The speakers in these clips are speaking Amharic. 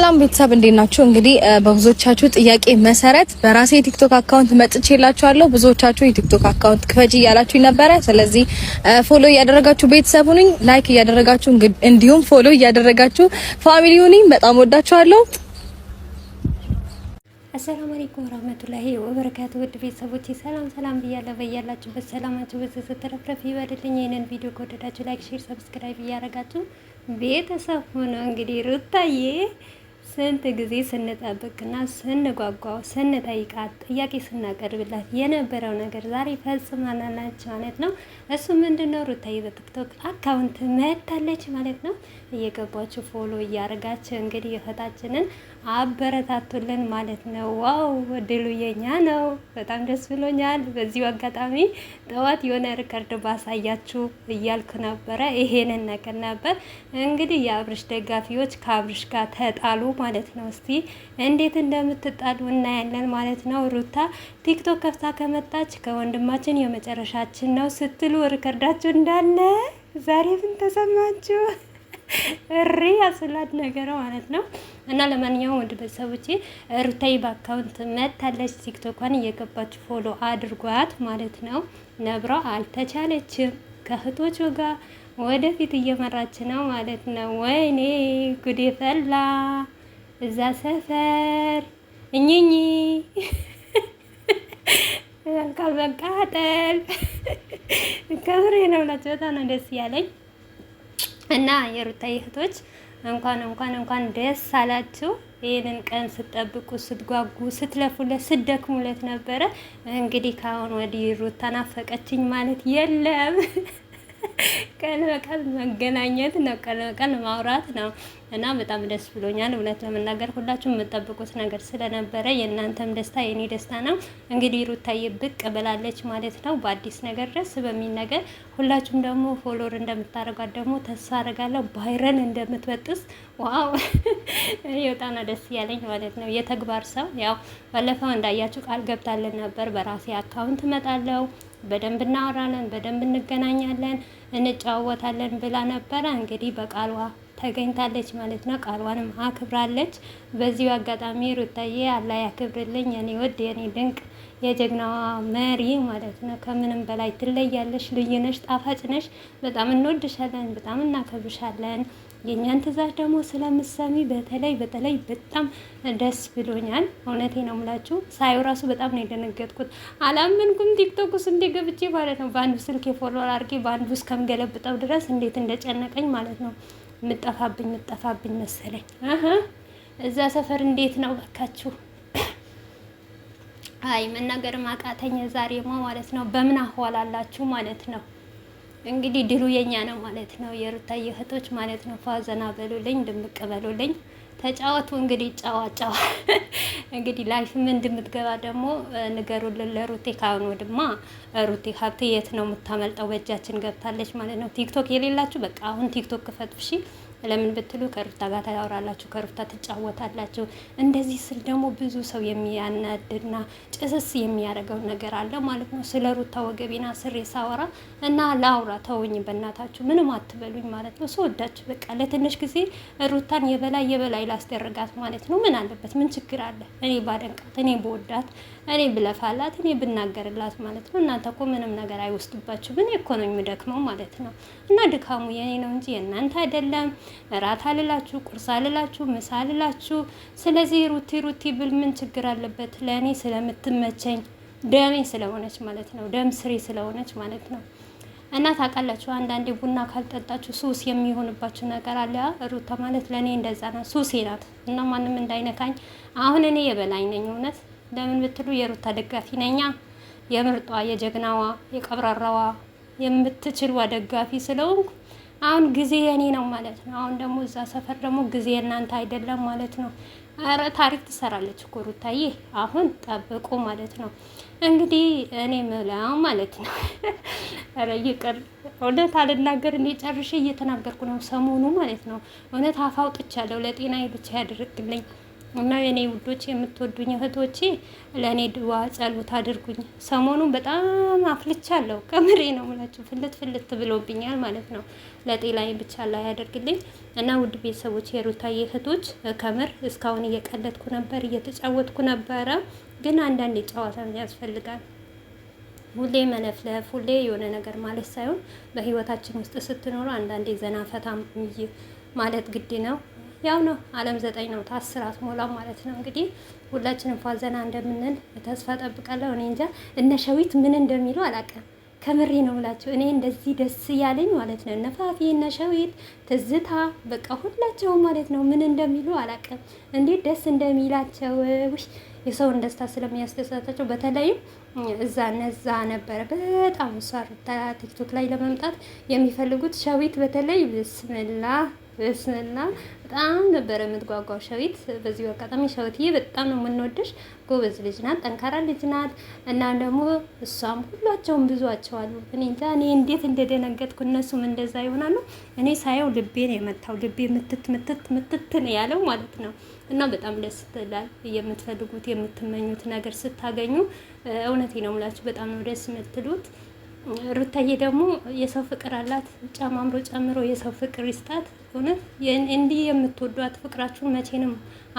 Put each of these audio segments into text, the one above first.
ሰላም ቤተሰብ እንዴት ናችሁ? እንግዲህ በብዙዎቻችሁ ጥያቄ መሰረት በራሴ የቲክቶክ አካውንት መጥቼላችኋለሁ። ብዙዎቻችሁ የቲክቶክ አካውንት ክፈጅ እያላችሁ ነበረ። ስለዚህ ፎሎ እያደረጋችሁ ቤተሰብ ሁኑኝ፣ ላይክ እያደረጋችሁ እንዲሁም ፎሎ እያደረጋችሁ ፋሚሊ ሁኑኝ። በጣም ወዳችኋለሁ። አሰላሙ አለይኩም ወራህመቱላሂ ወበረካቱ። ውድ ቤተሰቦቼ ሰላም ሰላም ብያለሁ። በያላችሁበት ሰላማችሁ በዚህ ስትረፍረፍ ይበልልኝ። ይህንን ቪዲዮ ከወደዳችሁ ላይክ፣ ሼር፣ ሰብስክራይብ እያደረጋችሁ ቤተሰብ ሆነ እንግዲህ ሩታዬ ስንት ጊዜ ስንጠብቅና ስንጓጓው ስንጠይቃት ጥያቄ ስናቀርብላት የነበረው ነገር ዛሬ ፈጽማናለች ማለት ነው። እሱ ምንድን ነው ሩታዬ በቲክቶክ አካውንት መታለች ማለት ነው። እየገባችሁ ፎሎ እያደረጋችሁ እንግዲህ እህታችንን አበረታቱልን ማለት ነው። ዋው ድሉ የኛ ነው። በጣም ደስ ብሎኛል። በዚሁ አጋጣሚ ጠዋት የሆነ ሪከርድ ባሳያችሁ እያልኩ ነበረ። ይሄንን ነገር ነበር እንግዲህ የአብርሽ ደጋፊዎች ከአብርሽ ጋር ተጣሉ ማለት ነው። እስቲ እንዴት እንደምትጣሉ እናያለን ማለት ነው። ሩታ ቲክቶክ ከፍታ ከመጣች ከወንድማችን የመጨረሻችን ነው ስትሉ ሪከርዳችሁ እንዳለ ዛሬ ምን ተሰማችሁ? እሪ ያስላድ ነገር ማለት ነው። እና ለማንኛውም ወንድ ቤተሰቦቼ ሩታዬ በአካውንት መታለች። ቲክቶኳን እየገባች ፎሎ አድርጓት ማለት ነው። ነብሯ አልተቻለችም። ከእህቶቹ ጋር ወደፊት እየመራች ነው ማለት ነው። ወይኔ ጉድ ፈላ እዛ ሰፈር እኝኝ ካል መቃጠል ከብሬ ነው ላቸው። በጣም ነው ደስ ያለኝ እና የሩታይ እህቶች እንኳን እንኳን እንኳን ደስ አላችሁ። ይህንን ቀን ስትጠብቁ፣ ስትጓጉ፣ ስትለፉለት፣ ስትደክሙለት ነበረ። እንግዲህ ከአሁን ወዲህ ተናፈቀችኝ ማለት የለም። ቀን በቀን መገናኘት ነው፣ ቀን በቀን ማውራት ነው እና በጣም ደስ ብሎኛል። እውነት ለመናገር ሁላችሁም የምጠብቁት ነገር ስለነበረ የእናንተም ደስታ የኔ ደስታ ነው። እንግዲህ ሩታዬ ብቅ ብላለች ማለት ነው፣ በአዲስ ነገር ደስ በሚል ነገር። ሁላችሁም ደግሞ ፎሎር እንደምታደርጓት ደግሞ ተስፋ አደርጋለሁ። ባይረን እንደምትበጥስ ዋው! የወጣና ደስ እያለኝ ማለት ነው። የተግባር ሰው ያው ባለፈው እንዳያችሁ ቃል ገብታለን ነበር። በራሴ አካውንት እመጣለሁ፣ በደንብ እናወራለን፣ በደንብ እንገናኛለን። እንጫወታለን ብላ ነበረ። እንግዲህ በቃሏ ተገኝታለች ማለት ነው። ቃሏንም አክብራለች። በዚሁ አጋጣሚ ሩታዬ አላ ያክብርልኝ የኔ ውድ የኔ ድንቅ የጀግናዋ መሪ ማለት ነው። ከምንም በላይ ትለያለሽ፣ ልዩ ነሽ፣ ጣፋጭ ነሽ። በጣም እንወድሻለን፣ በጣም እናከብሻለን። የእኛን ትእዛዝ ደግሞ ስለምሰሚ በተለይ በተለይ በጣም ደስ ብሎኛል። እውነቴ ነው ምላችሁ ሳዩ ራሱ በጣም ነው የደነገጥኩት። አላመንኩም። ቲክቶክ ውስጥ እንዴ ገብቼ ማለት ነው በአንዱ ስልክ የፎሎወር አድርጌ በአንዱ እስከምገለብጠው ድረስ እንዴት እንደጨነቀኝ ማለት ነው። ምጠፋብኝ ምጠፋብኝ መሰለኝ እዛ ሰፈር እንዴት ነው በካችሁ አይ መናገር ማቃተኝ ዛሬማ ማለት ነው። በምን አህዋላላችሁ ማለት ነው። እንግዲህ ድሉ የኛ ነው ማለት ነው። የሩታዬ እህቶች ማለት ነው። ፋዘና በሉልኝ፣ ድምቅ በሉልኝ፣ ተጫወቱ። እንግዲህ ጫዋ እንግዲህ ላይፍ ምን እንድምትገባ ደግሞ ንገሩልን ለሩቴ። ካሁን ድማ ሩቴ ሀብቴ የት ነው የምታመልጠው? በእጃችን ገብታለች ማለት ነው። ቲክቶክ የሌላችሁ በቃ አሁን ቲክቶክ ክፈቱ ሺ። ለምን ብትሉ ከሩታ ጋር ታወራላችሁ፣ ከሩታ ትጫወታላችሁ። እንደዚህ ስል ደግሞ ብዙ ሰው የሚያናድና ጭስስ የሚያደርገው ነገር አለ ማለት ነው። ስለ ሩታ ወገቤና ስሬ ሳወራ እና ለአውራ ተውኝ፣ በእናታችሁ ምንም አትበሉኝ ማለት ነው። ስወዳችሁ በቃ ለትንሽ ጊዜ ሩታን የበላይ የበላይ ላስደረጋት ማለት ነው። ምን አለበት? ምን ችግር አለ? እኔ ባደንቃት፣ እኔ በወዳት፣ እኔ ብለፋላት፣ እኔ ብናገርላት ማለት ነው። እናንተ እኮ ምንም ነገር አይወስድባችሁ። እኔ እኮ ነው የምደክመው ማለት ነው። እና ድካሙ የኔ ነው እንጂ የእናንተ አይደለም። እራት አልላችሁ፣ ቁርስ አልላችሁ፣ ምሳ አልላችሁ። ስለዚህ ሩቲ ሩቲ ብል ምን ችግር አለበት? ለእኔ ስለምትመቸኝ ደሜ ስለሆነች ማለት ነው። ደም ስሬ ስለሆነች ማለት ነው። እና ታውቃላችሁ አንዳንዴ ቡና ካልጠጣችሁ ሱስ የሚሆንባችሁ ነገር አለ። ሩታ ማለት ለእኔ እንደዛ ናት፣ ሱሴ ናት እና ማንም እንዳይነካኝ። አሁን እኔ የበላይ ነኝ። እውነት ለምን ብትሉ የሩታ ደጋፊ ነኛ፣ የምርጧ፣ የጀግናዋ፣ የቀብራራዋ የምትችልዋ ደጋፊ ስለሆንኩ አሁን ጊዜ የኔ ነው ማለት ነው። አሁን ደግሞ እዛ ሰፈር ደግሞ ጊዜ እናንተ አይደለም ማለት ነው። ኧረ ታሪክ ትሰራለች እኮ ሩታዬ፣ አሁን ጠብቁ ማለት ነው። እንግዲህ እኔ ምላው ማለት ነው። ኧረ ይቅር እውነት አልናገር እንዴ ጨርሼ እየተናገርኩ ነው ሰሞኑ ማለት ነው። እውነት አፋውጥቻለሁ። ለጤናዬ ብቻ ያደርግልኝ። እና የኔ ውዶች የምትወዱኝ እህቶቼ ለእኔ ድዋ ጸሎት አድርጉኝ። ሰሞኑን በጣም አፍልቻለሁ፣ ከምሬ ነው ምላችሁ ፍልት ፍልት ብሎብኛል ማለት ነው። ለጤናዬ ብቻ ላይ ያደርግልኝ እና ውድ ቤተሰቦች የሩታዬ እህቶች ከምር እስካሁን እየቀለድኩ ነበር፣ እየተጫወትኩ ነበረ። ግን አንዳንዴ ጨዋታ ያስፈልጋል። ሁሌ መለፍለፍ፣ ሁሌ የሆነ ነገር ማለት ሳይሆን በህይወታችን ውስጥ ስትኖሩ አንዳንዴ ዘና ፈታ ማለት ግድ ነው። ያው ነው አለም ዘጠኝ ነው ታስር ሞላ ማለት ነው። እንግዲህ ሁላችንም ፏዘና እንደምንል ተስፋ ጠብቃለሁ። እኔ እንጃ እነሸዊት ምን እንደሚሉ አላውቅም። ከምሬ ነው ብላቸው እኔ እንደዚህ ደስ እያለኝ ማለት ነው። ነፋፊ ነሸዊት፣ ትዝታ በቃ ሁላቸውም ማለት ነው ምን እንደሚሉ አላውቅም። እንዴት ደስ እንደሚላቸው ውሽ የሰውን ደስታ ስለሚያስደሳታቸው በተለይም እዛ ነዛ ነበረ በጣም እሷ ቲክቶክ ላይ ለመምጣት የሚፈልጉት ሸዊት በተለይ ብስምላ እና በጣም ነበረ የምትጓጓው ሸዊት። በዚሁ አጋጣሚ ሸዊትዬ በጣም ነው የምንወድሽ። ጎበዝ ልጅ ናት፣ ጠንካራ ልጅ ናት እና ደግሞ እሷም ሁላቸውም ብዙቸው አሉ። እኔ እንጃ እኔ እንዴት እንደደነገጥኩ እነሱም እንደዛ ይሆናሉ። እኔ ሳየው ልቤ ነው የመታው። ልቤ ምትት ምትት ምትት ነው ያለው ማለት ነው። እና በጣም ደስ ትላል። የምትፈልጉት የምትመኙት ነገር ስታገኙ እውነቴ ነው የምላችሁ በጣም ነው ደስ የምትሉት። ሩታዬ ደግሞ የሰው ፍቅር አላት። ጨማምሮ ጨምሮ የሰው ፍቅር ይስጣት። እውነት እንዲህ የምትወዷት ፍቅራችሁን መቼንም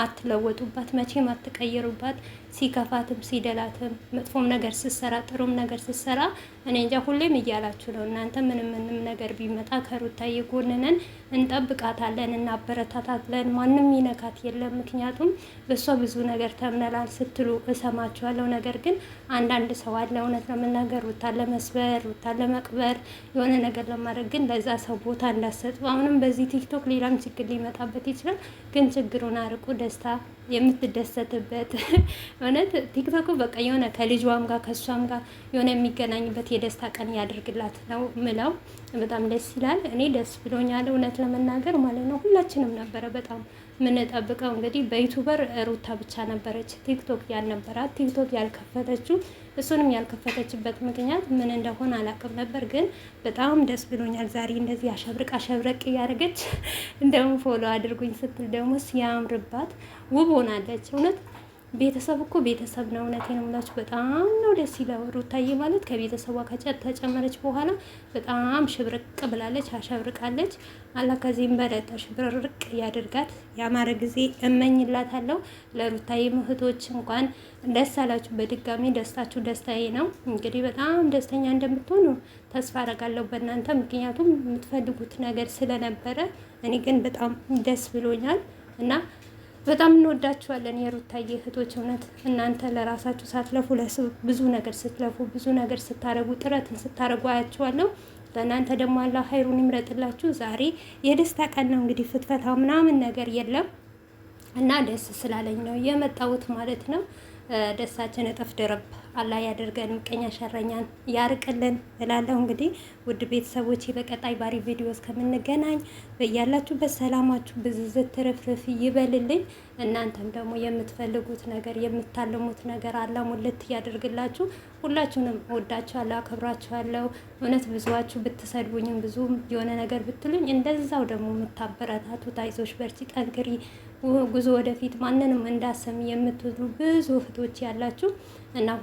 አትለወጡባት፣ መቼም አትቀይሩባት። ሲከፋትም ሲደላትም መጥፎም ነገር ስትሰራ ጥሩም ነገር ስትሰራ እኔ እንጃ ሁሌም እያላችሁ ነው እናንተ ምንም ምንም ነገር ቢመጣ ከሩታዬ ጎን ነን፣ እንጠብቃታለን፣ እናበረታታለን፣ ማንም ይነካት የለም ምክንያቱም እሷ ብዙ ነገር ተምነላል ስትሉ እሰማችኋለሁ። ነገር ግን አንዳንድ ሰው አለ እውነት ነው ሩታን ለመስበር ሩታን ለመቅበር የሆነ ነገር ለማድረግ ግን ለዛ ሰው ቦታ እንዳሰጡ አሁንም በዚህ ቲክቶክ ሌላም ችግር ሊመጣበት ይችላል። ግን ችግሩን አርቁ። ደስታ የምትደሰትበት እውነት ቲክቶኩ በቃ የሆነ ከልጇም ጋር ከእሷም ጋር የሆነ የሚገናኝበት የደስታ ቀን ያደርግላት ነው ምለው በጣም ደስ ይላል። እኔ ደስ ብሎኛል እውነት ለመናገር ማለት ነው። ሁላችንም ነበረ በጣም የምንጠብቀው። እንግዲህ በዩቱበር ሩታ ብቻ ነበረች ቲክቶክ ያልነበራት ቲክቶክ ያልከፈተችው። እሱንም ያልከፈተችበት ምክንያት ምን እንደሆነ አላውቅም ነበር፣ ግን በጣም ደስ ብሎኛል ዛሬ እንደዚህ አሸብርቅ አሸብረቅ እያደረገች እንደውም ፎሎ አድርጉኝ ስትል ደግሞ ሲያምርባት ውብ ሆናለች እውነት ቤተሰብ እኮ ቤተሰብ ነው። እውነቴ ነው የምላችሁ፣ በጣም ነው ደስ ይለው። ሩታዬ ማለት ከቤተሰቧ ከጨት ተጨመረች በኋላ በጣም ሽብርቅ ብላለች፣ አሸብርቃለች። አላ ከዚህም በለጠ ሽብርቅ ያደርጋት፣ ያማረ ጊዜ እመኝላታለሁ። ለሩታዬ እህቶች እንኳን ደስ አላችሁ በድጋሚ። ደስታችሁ ደስታዬ ነው። እንግዲህ በጣም ደስተኛ እንደምትሆኑ ተስፋ አረጋለሁ በእናንተ ምክንያቱም የምትፈልጉት ነገር ስለነበረ፣ እኔ ግን በጣም ደስ ብሎኛል እና በጣም እንወዳችኋለን የሩታዬ እህቶች። እውነት እናንተ ለራሳችሁ ሳትለፉ ለሰው ብዙ ነገር ስትለፉ ብዙ ነገር ስታረጉ ጥረትን ስታረጉ አያችኋለሁ። ለእናንተ ደግሞ አላህ ሀይሩን ይምረጥላችሁ። ዛሬ የደስታ ቀን ነው እንግዲህ ፍትፈታው ምናምን ነገር የለም እና ደስ ስላለኝ ነው የመጣሁት ማለት ነው። ደስታችን እጥፍ ድርብ አላህ ያደርገን፣ ምቀኛ ሸረኛን ያርቅልን እላለሁ። እንግዲህ ውድ ቤተሰቦች በቀጣይ ባሪ ቪዲዮ እስከምንገናኝ በያላችሁበት በሰላማችሁ ብዝዝት ትርፍርፍ ይበልልኝ። እናንተም ደግሞ የምትፈልጉት ነገር የምታልሙት ነገር አላሙልት ያደርግላችሁ። ሁላችሁንም ወዳችኋለሁ፣ አከብራችኋለሁ። እውነት ብዙዋችሁ ብትሰድቡኝም ብዙም የሆነ ነገር ብትሉኝ እንደዛው ደግሞ የምታበረታቱ አይዞሽ፣ በርቺ፣ ጠንክሪ ጉዞ ወደፊት ማንንም እንዳሰሚ የምትሉ ብዙ እህቶች ያላችሁ እና